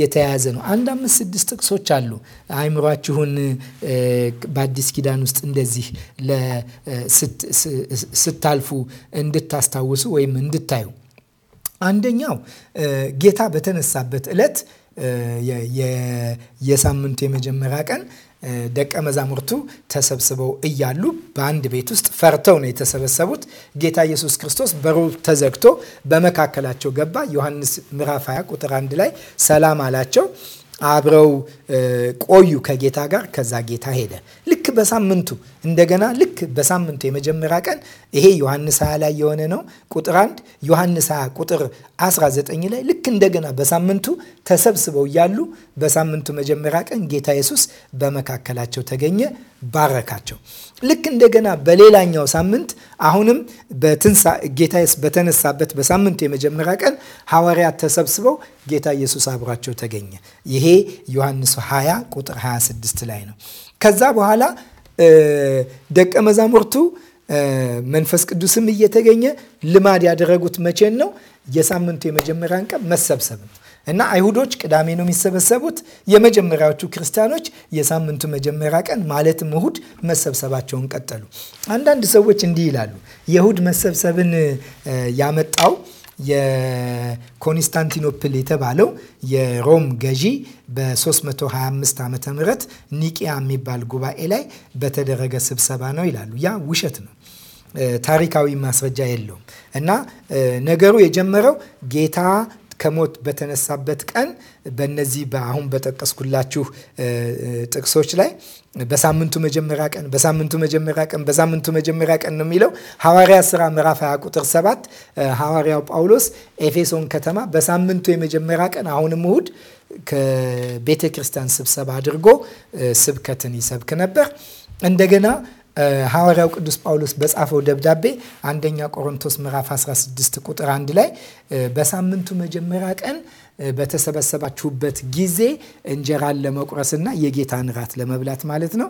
የተያያዘ ነው። አንድ አምስት ስድስት ጥቅሶች አሉ። አይምሯችሁን በአዲስ ኪዳን ውስጥ እንደዚህ ስታልፉ እንድታስታውሱ ወይም እንድታዩ አንደኛው ጌታ በተነሳበት ዕለት የሳምንቱ የመጀመሪያ ቀን ደቀ መዛሙርቱ ተሰብስበው እያሉ በአንድ ቤት ውስጥ ፈርተው ነው የተሰበሰቡት። ጌታ ኢየሱስ ክርስቶስ በሩ ተዘግቶ በመካከላቸው ገባ። ዮሐንስ ምዕራፍ 20 ቁጥር 1 ላይ ሰላም አላቸው። አብረው ቆዩ ከጌታ ጋር። ከዛ ጌታ ሄደ። በሳምንቱ እንደገና ልክ በሳምንቱ የመጀመሪያ ቀን ይሄ ዮሐንስ 20 ላይ የሆነ ነው። ቁጥር 1 ዮሐንስ 20 ቁጥር 19 ላይ ልክ እንደገና በሳምንቱ ተሰብስበው እያሉ በሳምንቱ መጀመሪያ ቀን ጌታ ኢየሱስ በመካከላቸው ተገኘ፣ ባረካቸው። ልክ እንደገና በሌላኛው ሳምንት አሁንም ጌታ በተነሳበት በሳምንቱ የመጀመሪያ ቀን ሐዋርያት ተሰብስበው ጌታ ኢየሱስ አብሯቸው ተገኘ። ይሄ ዮሐንስ 20 ቁጥር 26 ላይ ነው። ከዛ በኋላ ደቀ መዛሙርቱ መንፈስ ቅዱስም እየተገኘ ልማድ ያደረጉት መቼን ነው? የሳምንቱ የመጀመሪያን ቀን መሰብሰብ ነው እና አይሁዶች ቅዳሜ ነው የሚሰበሰቡት። የመጀመሪያዎቹ ክርስቲያኖች የሳምንቱ መጀመሪያ ቀን ማለትም እሁድ መሰብሰባቸውን ቀጠሉ። አንዳንድ ሰዎች እንዲህ ይላሉ የእሁድ መሰብሰብን ያመጣው የኮንስታንቲኖፕል የተባለው የሮም ገዢ በ325 ዓ ምህረት ኒቂያ የሚባል ጉባኤ ላይ በተደረገ ስብሰባ ነው ይላሉ። ያ ውሸት ነው። ታሪካዊ ማስረጃ የለውም እና ነገሩ የጀመረው ጌታ ከሞት በተነሳበት ቀን በነዚህ አሁን በጠቀስኩላችሁ ጥቅሶች ላይ በሳምንቱ መጀመሪያ ቀን በሳምንቱ መጀመሪያ ቀን በሳምንቱ መጀመሪያ ቀን ነው የሚለው ሐዋርያ ሥራ ምዕራፍ 20 ቁጥር 7 ሐዋርያው ጳውሎስ ኤፌሶን ከተማ በሳምንቱ የመጀመሪያ ቀን አሁንም እሁድ ከቤተ ክርስቲያን ስብሰባ አድርጎ ስብከትን ይሰብክ ነበር። እንደገና ሐዋርያው ቅዱስ ጳውሎስ በጻፈው ደብዳቤ አንደኛ ቆሮንቶስ ምዕራፍ 16 ቁጥር አንድ ላይ በሳምንቱ መጀመሪያ ቀን በተሰበሰባችሁበት ጊዜ እንጀራን ለመቁረስና የጌታን ራት ለመብላት ማለት ነው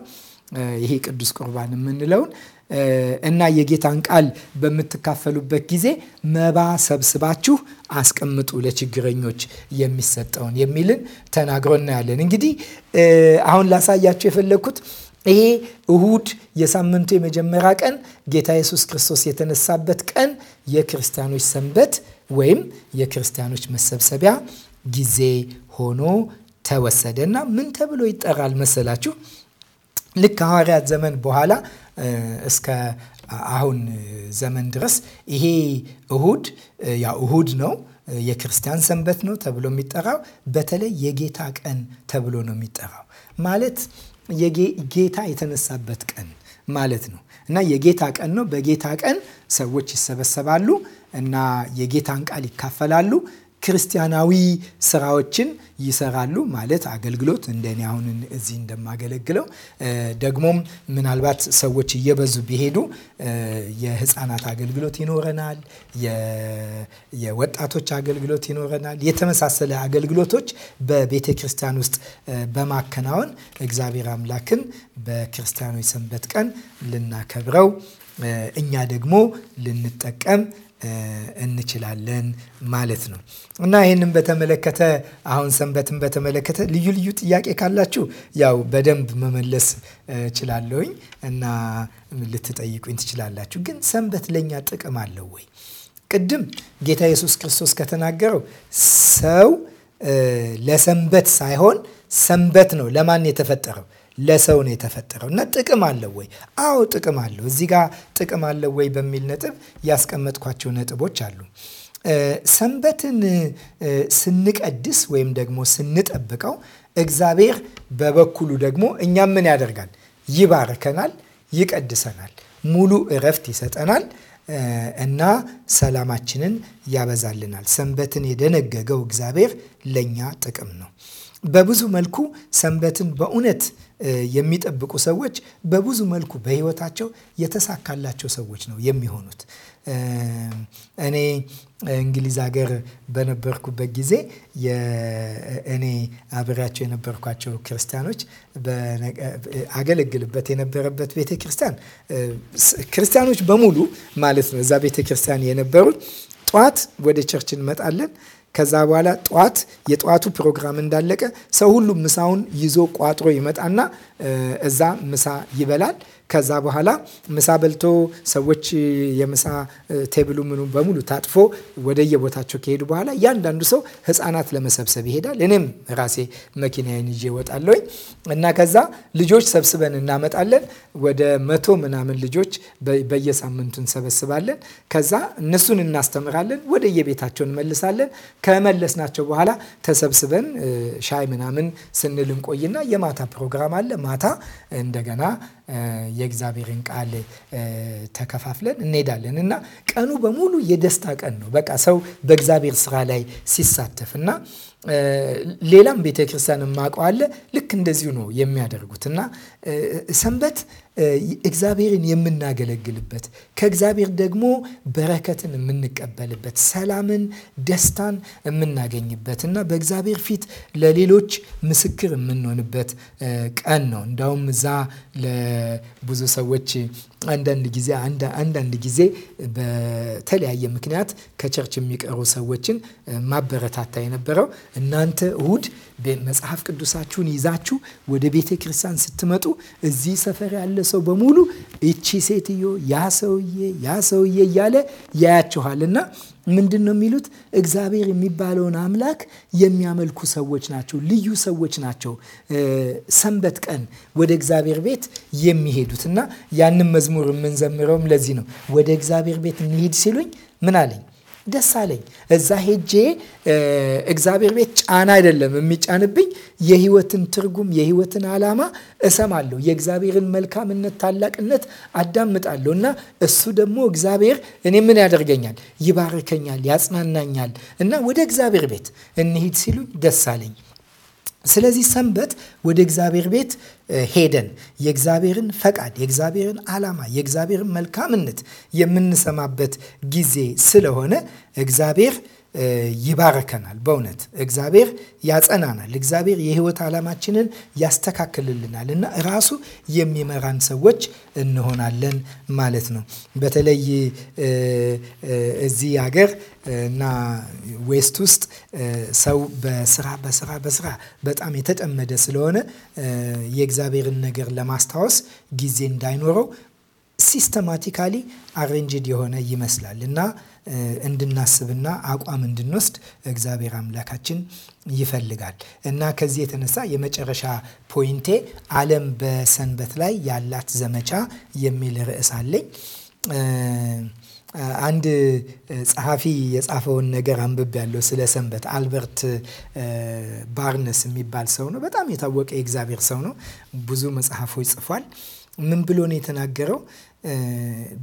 ይሄ ቅዱስ ቁርባን የምንለውን እና የጌታን ቃል በምትካፈሉበት ጊዜ መባ ሰብስባችሁ አስቀምጡ ለችግረኞች የሚሰጠውን የሚልን ተናግሮ እናያለን። እንግዲህ አሁን ላሳያችሁ የፈለግኩት ይሄ እሁድ የሳምንቱ የመጀመሪያ ቀን ጌታ ኢየሱስ ክርስቶስ የተነሳበት ቀን የክርስቲያኖች ሰንበት ወይም የክርስቲያኖች መሰብሰቢያ ጊዜ ሆኖ ተወሰደ እና ምን ተብሎ ይጠራል መሰላችሁ? ልክ ከሐዋርያት ዘመን በኋላ እስከ አሁን ዘመን ድረስ ይሄ እሁድ ያው እሁድ ነው የክርስቲያን ሰንበት ነው ተብሎ የሚጠራው በተለይ የጌታ ቀን ተብሎ ነው የሚጠራው ማለት ጌታ የተነሳበት ቀን ማለት ነው እና የጌታ ቀን ነው። በጌታ ቀን ሰዎች ይሰበሰባሉ እና የጌታን ቃል ይካፈላሉ። ክርስቲያናዊ ስራዎችን ይሰራሉ ማለት አገልግሎት እንደኔ እኔ አሁን እዚህ እንደማገለግለው ደግሞም ምናልባት ሰዎች እየበዙ ቢሄዱ የህፃናት አገልግሎት ይኖረናል፣ የወጣቶች አገልግሎት ይኖረናል። የተመሳሰለ አገልግሎቶች በቤተ ክርስቲያን ውስጥ በማከናወን እግዚአብሔር አምላክን በክርስቲያኖች ሰንበት ቀን ልናከብረው እኛ ደግሞ ልንጠቀም እንችላለን ማለት ነው እና ይህንም በተመለከተ አሁን ሰንበትን በተመለከተ ልዩ ልዩ ጥያቄ ካላችሁ ያው በደንብ መመለስ እችላለሁኝ እና ልትጠይቁኝ ትችላላችሁ። ግን ሰንበት ለእኛ ጥቅም አለው ወይ? ቅድም ጌታ ኢየሱስ ክርስቶስ ከተናገረው ሰው ለሰንበት ሳይሆን ሰንበት ነው ለማን የተፈጠረው ለሰው ነው የተፈጠረው እና ጥቅም አለው ወይ? አዎ ጥቅም አለው። እዚህ ጋር ጥቅም አለው ወይ በሚል ነጥብ ያስቀመጥኳቸው ነጥቦች አሉ። ሰንበትን ስንቀድስ ወይም ደግሞ ስንጠብቀው እግዚአብሔር በበኩሉ ደግሞ እኛም ምን ያደርጋል? ይባርከናል፣ ይቀድሰናል፣ ሙሉ እረፍት ይሰጠናል እና ሰላማችንን ያበዛልናል። ሰንበትን የደነገገው እግዚአብሔር ለእኛ ጥቅም ነው። በብዙ መልኩ ሰንበትን በእውነት የሚጠብቁ ሰዎች በብዙ መልኩ በህይወታቸው የተሳካላቸው ሰዎች ነው የሚሆኑት። እኔ እንግሊዝ ሀገር በነበርኩበት ጊዜ እኔ አብሬያቸው የነበርኳቸው ክርስቲያኖች አገለግልበት የነበረበት ቤተ ክርስቲያን ክርስቲያኖች በሙሉ ማለት ነው እዛ ቤተ ክርስቲያን የነበሩት ጠዋት ወደ ቸርች እንመጣለን ከዛ በኋላ ጠዋት የጠዋቱ ፕሮግራም እንዳለቀ ሰው ሁሉ ምሳውን ይዞ ቋጥሮ ይመጣና እዛ ምሳ ይበላል። ከዛ በኋላ ምሳ በልቶ ሰዎች የምሳ ቴብሉ ምኑ በሙሉ ታጥፎ ወደየቦታቸው ከሄዱ በኋላ እያንዳንዱ ሰው ህፃናት ለመሰብሰብ ይሄዳል። እኔም ራሴ መኪናዬን ይዤ እወጣለሁኝ እና ከዛ ልጆች ሰብስበን እናመጣለን። ወደ መቶ ምናምን ልጆች በየሳምንቱ እንሰበስባለን። ከዛ እነሱን እናስተምራለን። ወደየቤታቸው እንመልሳለን። ከመለስናቸው በኋላ ተሰብስበን ሻይ ምናምን ስንል እንቆይና የማታ ፕሮግራም አለ። ማታ እንደገና የእግዚአብሔርን ቃል ተከፋፍለን እንሄዳለን እና ቀኑ በሙሉ የደስታ ቀን ነው። በቃ ሰው በእግዚአብሔር ስራ ላይ ሲሳተፍ እና ሌላም ቤተ ክርስቲያን የማውቀው አለ። ልክ እንደዚሁ ነው የሚያደርጉት እና ሰንበት እግዚአብሔርን የምናገለግልበት ከእግዚአብሔር ደግሞ በረከትን የምንቀበልበት፣ ሰላምን፣ ደስታን የምናገኝበት እና በእግዚአብሔር ፊት ለሌሎች ምስክር የምንሆንበት ቀን ነው። እንዳውም እዛ ብዙ ሰዎች አንዳንድ ጊዜ አንዳንድ ጊዜ በተለያየ ምክንያት ከቸርች የሚቀሩ ሰዎችን ማበረታታ የነበረው እናንተ እሁድ መጽሐፍ ቅዱሳችሁን ይዛችሁ ወደ ቤተ ክርስቲያን ስትመጡ እዚህ ሰፈር ያለ ሰው በሙሉ እቺ ሴትዮ ያ ሰውዬ ያ ሰውዬ እያለ እና። ምንድን ነው የሚሉት? እግዚአብሔር የሚባለውን አምላክ የሚያመልኩ ሰዎች ናቸው፣ ልዩ ሰዎች ናቸው። ሰንበት ቀን ወደ እግዚአብሔር ቤት የሚሄዱት እና ያንም መዝሙር የምንዘምረውም ለዚህ ነው። ወደ እግዚአብሔር ቤት የሚሄድ ሲሉኝ ምን አለኝ? ደስ አለኝ። እዛ ሄጄ እግዚአብሔር ቤት ጫና አይደለም የሚጫንብኝ፣ የህይወትን ትርጉም የህይወትን ዓላማ እሰማለሁ። የእግዚአብሔርን መልካምነት፣ ታላቅነት አዳምጣለሁ እና እሱ ደግሞ እግዚአብሔር እኔ ምን ያደርገኛል? ይባርከኛል፣ ያጽናናኛል እና ወደ እግዚአብሔር ቤት እንሂድ ሲሉኝ ደስ አለኝ። ስለዚህ ሰንበት ወደ እግዚአብሔር ቤት ሄደን የእግዚአብሔርን ፈቃድ፣ የእግዚአብሔርን ዓላማ፣ የእግዚአብሔርን መልካምነት የምንሰማበት ጊዜ ስለሆነ እግዚአብሔር ይባረከናል በእውነት እግዚአብሔር ያጸናናል። እግዚአብሔር የህይወት ዓላማችንን ያስተካክልልናል እና ራሱ የሚመራን ሰዎች እንሆናለን ማለት ነው። በተለይ እዚህ ሀገር እና ዌስት ውስጥ ሰው በስራ በስራ በስራ በጣም የተጠመደ ስለሆነ የእግዚአብሔርን ነገር ለማስታወስ ጊዜ እንዳይኖረው ሲስተማቲካሊ አሬንጅድ የሆነ ይመስላል እና እንድናስብና አቋም እንድንወስድ እግዚአብሔር አምላካችን ይፈልጋል እና ከዚህ የተነሳ የመጨረሻ ፖይንቴ ዓለም በሰንበት ላይ ያላት ዘመቻ የሚል ርዕስ አለኝ። አንድ ጸሐፊ የጻፈውን ነገር አንብብ ያለው ስለ ሰንበት አልበርት ባርነስ የሚባል ሰው ነው። በጣም የታወቀ የእግዚአብሔር ሰው ነው። ብዙ መጽሐፎች ጽፏል። ምን ብሎ ነው የተናገረው?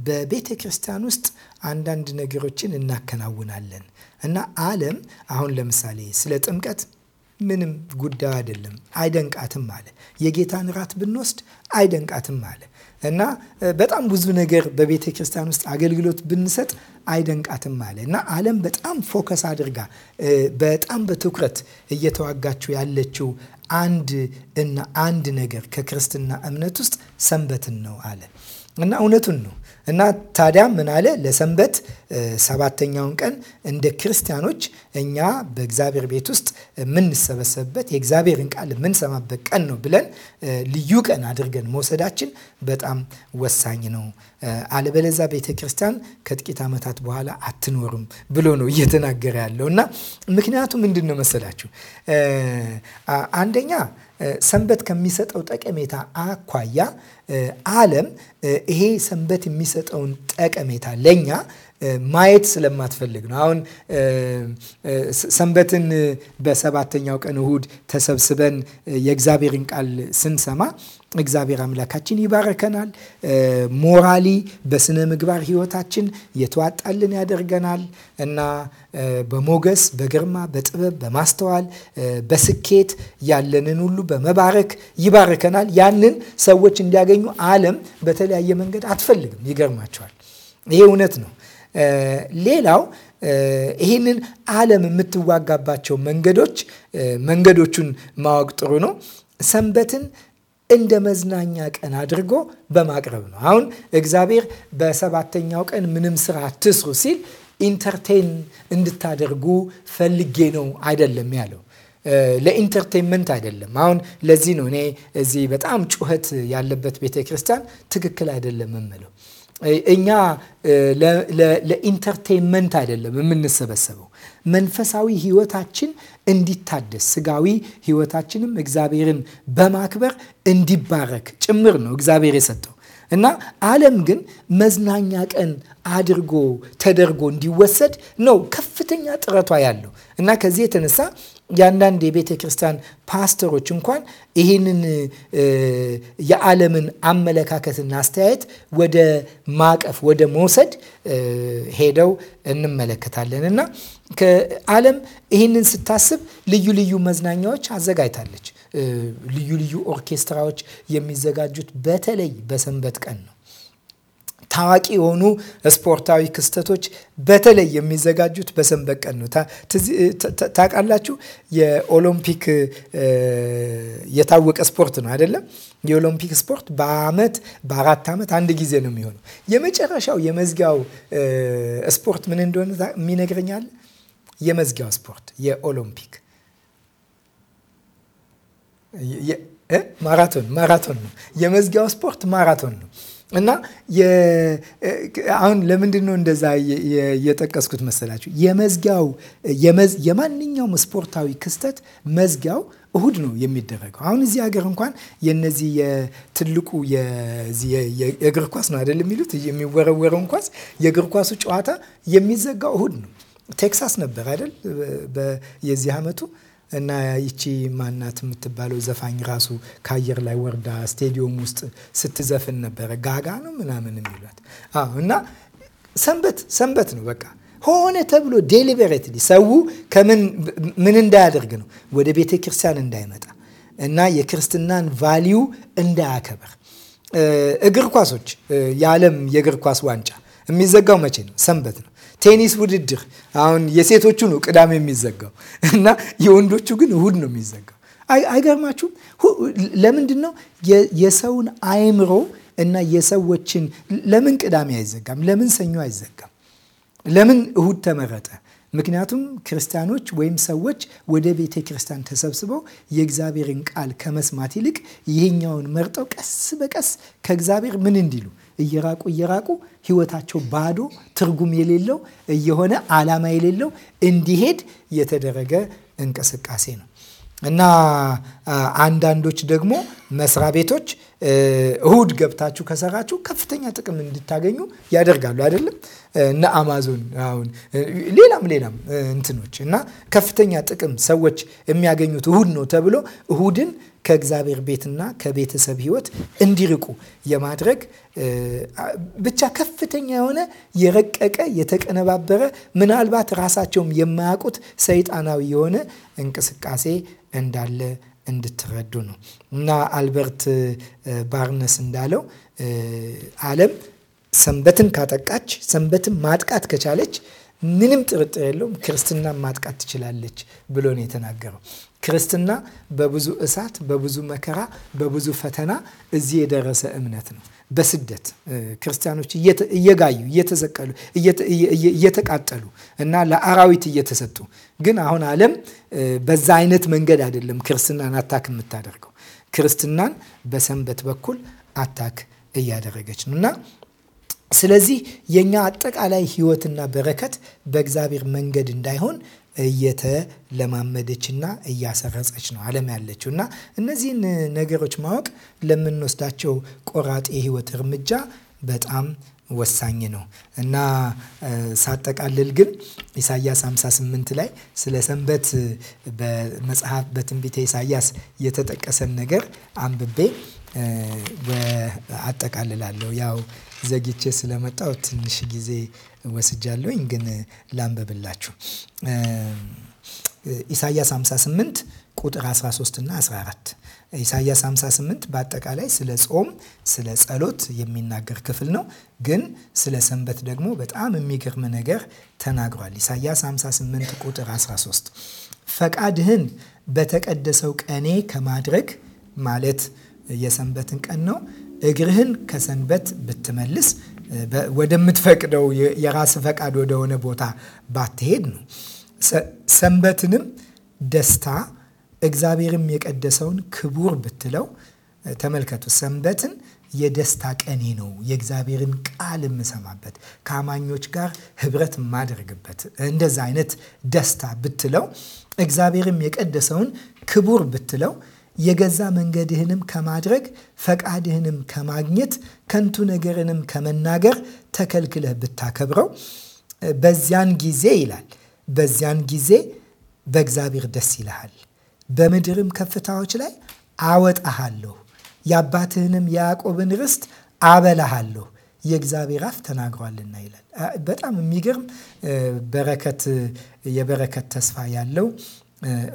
በቤተ ክርስቲያን ውስጥ አንዳንድ ነገሮችን እናከናውናለን እና ዓለም አሁን ለምሳሌ ስለ ጥምቀት ምንም ጉዳዩ አይደለም፣ አይደንቃትም አለ። የጌታን ራት ብንወስድ አይደንቃትም አለ እና በጣም ብዙ ነገር በቤተ ክርስቲያን ውስጥ አገልግሎት ብንሰጥ አይደንቃትም አለ እና ዓለም በጣም ፎከስ አድርጋ በጣም በትኩረት እየተዋጋችው ያለችው አንድ እና አንድ ነገር ከክርስትና እምነት ውስጥ ሰንበትን ነው አለ። እና እውነቱን ነው። እና ታዲያ ምን አለ? ለሰንበት ሰባተኛውን ቀን እንደ ክርስቲያኖች እኛ በእግዚአብሔር ቤት ውስጥ የምንሰበሰብበት የእግዚአብሔርን ቃል የምንሰማበት ቀን ነው ብለን ልዩ ቀን አድርገን መውሰዳችን በጣም ወሳኝ ነው። አለበለዛ ቤተ ክርስቲያን ከጥቂት ዓመታት በኋላ አትኖርም ብሎ ነው እየተናገረ ያለው እና ምክንያቱ ምንድን ነው መሰላችሁ አንደኛ ሰንበት ከሚሰጠው ጠቀሜታ አኳያ ዓለም ይሄ ሰንበት የሚሰጠውን ጠቀሜታ ለእኛ ማየት ስለማትፈልግ ነው። አሁን ሰንበትን በሰባተኛው ቀን እሁድ ተሰብስበን የእግዚአብሔርን ቃል ስንሰማ እግዚአብሔር አምላካችን ይባረከናል። ሞራሊ በስነ ምግባር ህይወታችን የተዋጣልን ያደርገናል እና በሞገስ፣ በግርማ፣ በጥበብ፣ በማስተዋል፣ በስኬት ያለንን ሁሉ በመባረክ ይባረከናል። ያንን ሰዎች እንዲያገኙ ዓለም በተለያየ መንገድ አትፈልግም። ይገርማቸዋል። ይሄ እውነት ነው። ሌላው ይህንን ዓለም የምትዋጋባቸው መንገዶች መንገዶቹን ማወቅ ጥሩ ነው። ሰንበትን እንደ መዝናኛ ቀን አድርጎ በማቅረብ ነው። አሁን እግዚአብሔር በሰባተኛው ቀን ምንም ስራ አትስሩ ሲል ኢንተርቴን እንድታደርጉ ፈልጌ ነው አይደለም ያለው። ለኢንተርቴንመንት አይደለም። አሁን ለዚህ ነው እኔ እዚህ በጣም ጩኸት ያለበት ቤተ ክርስቲያን ትክክል አይደለም የምለው። እኛ ለኢንተርቴንመንት አይደለም የምንሰበሰበው መንፈሳዊ ህይወታችን እንዲታደስ ስጋዊ ህይወታችንም እግዚአብሔርን በማክበር እንዲባረክ ጭምር ነው እግዚአብሔር የሰጠው እና ዓለም ግን መዝናኛ ቀን አድርጎ ተደርጎ እንዲወሰድ ነው ከፍተኛ ጥረቷ ያለው እና ከዚህ የተነሳ የአንዳንድ የቤተ ክርስቲያን ፓስተሮች እንኳን ይህንን የዓለምን አመለካከትና አስተያየት ወደ ማቀፍ ወደ መውሰድ ሄደው እንመለከታለን እና ከዓለም ይህንን ስታስብ ልዩ ልዩ መዝናኛዎች አዘጋጅታለች። ልዩ ልዩ ኦርኬስትራዎች የሚዘጋጁት በተለይ በሰንበት ቀን ነው። ታዋቂ የሆኑ ስፖርታዊ ክስተቶች በተለይ የሚዘጋጁት በሰንበት ቀን ነው። ታውቃላችሁ፣ የኦሎምፒክ የታወቀ ስፖርት ነው አይደለም? የኦሎምፒክ ስፖርት በአመት በአራት ዓመት አንድ ጊዜ ነው የሚሆነው። የመጨረሻው የመዝጊያው ስፖርት ምን እንደሆነ የሚነግረኛል። የመዝጊያው ስፖርት የኦሎምፒክ ማራቶን ማራቶን ነው። የመዝጊያው ስፖርት ማራቶን ነው። እና አሁን ለምንድን ነው እንደዛ የጠቀስኩት መሰላችሁ? የመዝጊያው የማንኛውም ስፖርታዊ ክስተት መዝጊያው እሁድ ነው የሚደረገው። አሁን እዚህ ሀገር እንኳን የነዚህ የትልቁ የእግር ኳስ ነው አይደል የሚሉት የሚወረወረውን ኳስ የእግር ኳሱ ጨዋታ የሚዘጋው እሁድ ነው። ቴክሳስ ነበር አይደል የዚህ አመቱ። እና ይቺ ማናት የምትባለው ዘፋኝ ራሱ ከአየር ላይ ወርዳ ስቴዲየም ውስጥ ስትዘፍን ነበረ። ጋጋ ነው ምናምን የሚሏት እና ሰንበት ሰንበት ነው በቃ ሆነ ተብሎ ዴሊበሬትሊ ሰው ከምን ምን እንዳያደርግ ነው ወደ ቤተ ክርስቲያን እንዳይመጣ እና የክርስትናን ቫሊዩ እንዳያከበር እግር ኳሶች የዓለም የእግር ኳስ ዋንጫ የሚዘጋው መቼ ነው? ሰንበት ነው። ቴኒስ ውድድር አሁን የሴቶቹ ነው ቅዳሜ የሚዘጋው እና የወንዶቹ ግን እሁድ ነው የሚዘጋው። አይገርማችሁም? ለምንድን ነው የሰውን አእምሮ እና የሰዎችን ለምን ቅዳሜ አይዘጋም? ለምን ሰኞ አይዘጋም? ለምን እሁድ ተመረጠ? ምክንያቱም ክርስቲያኖች ወይም ሰዎች ወደ ቤተ ክርስቲያን ተሰብስበው የእግዚአብሔርን ቃል ከመስማት ይልቅ ይህኛውን መርጠው ቀስ በቀስ ከእግዚአብሔር ምን እንዲሉ እየራቁ እየራቁ ህይወታቸው ባዶ ትርጉም የሌለው እየሆነ ዓላማ የሌለው እንዲሄድ የተደረገ እንቅስቃሴ ነው እና አንዳንዶች ደግሞ መስሪያ ቤቶች እሁድ ገብታችሁ ከሰራችሁ ከፍተኛ ጥቅም እንድታገኙ ያደርጋሉ አይደለም እና አማዞን አሁን ሌላም ሌላም እንትኖች እና ከፍተኛ ጥቅም ሰዎች የሚያገኙት እሁድ ነው ተብሎ እሁድን ከእግዚአብሔር ቤትና ከቤተሰብ ሕይወት እንዲርቁ የማድረግ ብቻ ከፍተኛ የሆነ የረቀቀ የተቀነባበረ ምናልባት ራሳቸውም የማያውቁት ሰይጣናዊ የሆነ እንቅስቃሴ እንዳለ እንድትረዱ ነው እና አልበርት ባርነስ እንዳለው ዓለም ሰንበትን ካጠቃች ሰንበትን ማጥቃት ከቻለች ምንም ጥርጥር የለውም ክርስትና ማጥቃት ትችላለች ብሎ ነው የተናገረው። ክርስትና በብዙ እሳት፣ በብዙ መከራ፣ በብዙ ፈተና እዚህ የደረሰ እምነት ነው። በስደት ክርስቲያኖች እየጋዩ እየተሰቀሉ እየተቃጠሉ እና ለአራዊት እየተሰጡ ግን አሁን ዓለም በዛ አይነት መንገድ አይደለም ክርስትናን አታክ የምታደርገው ክርስትናን በሰንበት በኩል አታክ እያደረገች ነው እና ስለዚህ የእኛ አጠቃላይ ህይወትና በረከት በእግዚአብሔር መንገድ እንዳይሆን እየተለማመደችና እያሰረጸች ነው ዓለም ያለችው እና እነዚህን ነገሮች ማወቅ ለምንወስዳቸው ቆራጥ የህይወት እርምጃ በጣም ወሳኝ ነው እና ሳጠቃልል ግን ኢሳያስ 58 ላይ ስለ ሰንበት በመጽሐፍ በትንቢተ ኢሳያስ የተጠቀሰን ነገር አንብቤ አጠቃልላለሁ ያው ዘግቼ ስለመጣው ትንሽ ጊዜ ወስጃለሁኝ፣ ግን ላንብብላችሁ። ኢሳያስ 58 ቁጥር 13 እና 14 ኢሳያስ 58 በአጠቃላይ ስለ ጾም፣ ስለ ጸሎት የሚናገር ክፍል ነው። ግን ስለ ሰንበት ደግሞ በጣም የሚገርም ነገር ተናግሯል። ኢሳያስ 58 ቁጥር 13 ፈቃድህን በተቀደሰው ቀኔ ከማድረግ ማለት የሰንበትን ቀን ነው እግርህን ከሰንበት ብትመልስ ወደምትፈቅደው የራስ ፈቃድ ወደሆነ ቦታ ባትሄድ ነው። ሰንበትንም ደስታ እግዚአብሔርም የቀደሰውን ክቡር ብትለው፣ ተመልከቱ ሰንበትን የደስታ ቀኔ ነው፣ የእግዚአብሔርን ቃል የምሰማበት፣ ከአማኞች ጋር ህብረት የማደርግበት እንደዛ አይነት ደስታ ብትለው፣ እግዚአብሔርም የቀደሰውን ክቡር ብትለው የገዛ መንገድህንም ከማድረግ ፈቃድህንም ከማግኘት ከንቱ ነገርንም ከመናገር ተከልክለህ ብታከብረው በዚያን ጊዜ ይላል በዚያን ጊዜ በእግዚአብሔር ደስ ይልሃል፣ በምድርም ከፍታዎች ላይ አወጣሃለሁ፣ የአባትህንም የያዕቆብን ርስት አበላሃለሁ የእግዚአብሔር አፍ ተናግሯልና ይላል። በጣም የሚገርም በረከት የበረከት ተስፋ ያለው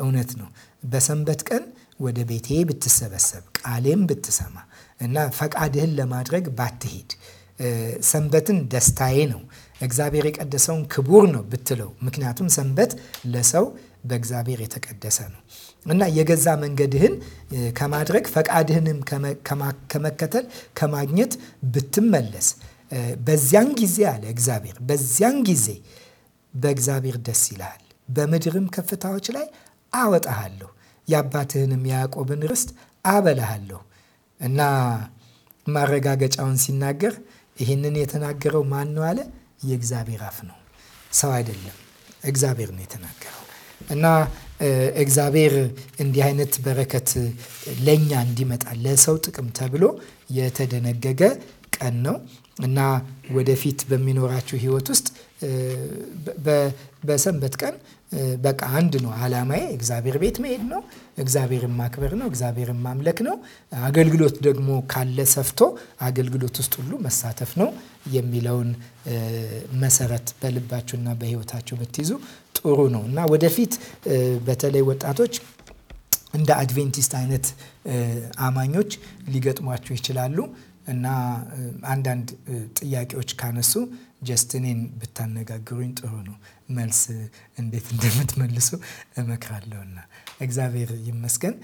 እውነት ነው። በሰንበት ቀን ወደ ቤቴ ብትሰበሰብ ቃሌም ብትሰማ እና ፈቃድህን ለማድረግ ባትሄድ ሰንበትን ደስታዬ ነው እግዚአብሔር የቀደሰውን ክቡር ነው ብትለው። ምክንያቱም ሰንበት ለሰው በእግዚአብሔር የተቀደሰ ነው እና የገዛ መንገድህን ከማድረግ ፈቃድህንም ከመከተል ከማግኘት ብትመለስ በዚያን ጊዜ አለ እግዚአብሔር፣ በዚያን ጊዜ በእግዚአብሔር ደስ ይልሃል፣ በምድርም ከፍታዎች ላይ አወጣሃለሁ የአባትህንም የያዕቆብን ርስት አበላሃለሁ እና ማረጋገጫውን ሲናገር ይህንን የተናገረው ማን ነው አለ? የእግዚአብሔር አፍ ነው፣ ሰው አይደለም። እግዚአብሔር ነው የተናገረው እና እግዚአብሔር እንዲህ አይነት በረከት ለእኛ እንዲመጣ ለሰው ጥቅም ተብሎ የተደነገገ ቀን ነው እና ወደፊት በሚኖራችሁ ሕይወት ውስጥ በሰንበት ቀን በቃ አንድ ነው ዓላማዬ። እግዚአብሔር ቤት መሄድ ነው፣ እግዚአብሔርን ማክበር ነው፣ እግዚአብሔርን ማምለክ ነው። አገልግሎት ደግሞ ካለ ሰፍቶ አገልግሎት ውስጥ ሁሉ መሳተፍ ነው የሚለውን መሰረት በልባችሁና በህይወታችሁ ብትይዙ ጥሩ ነው እና ወደፊት በተለይ ወጣቶች እንደ አድቬንቲስት አይነት አማኞች ሊገጥሟችሁ ይችላሉ እና አንዳንድ ጥያቄዎች ካነሱ ጀስት እኔን ብታነጋግሩኝ ጥሩ ነው። መልስ እንዴት እንደምትመልሱ እመክራለሁና እግዚአብሔር ይመስገን።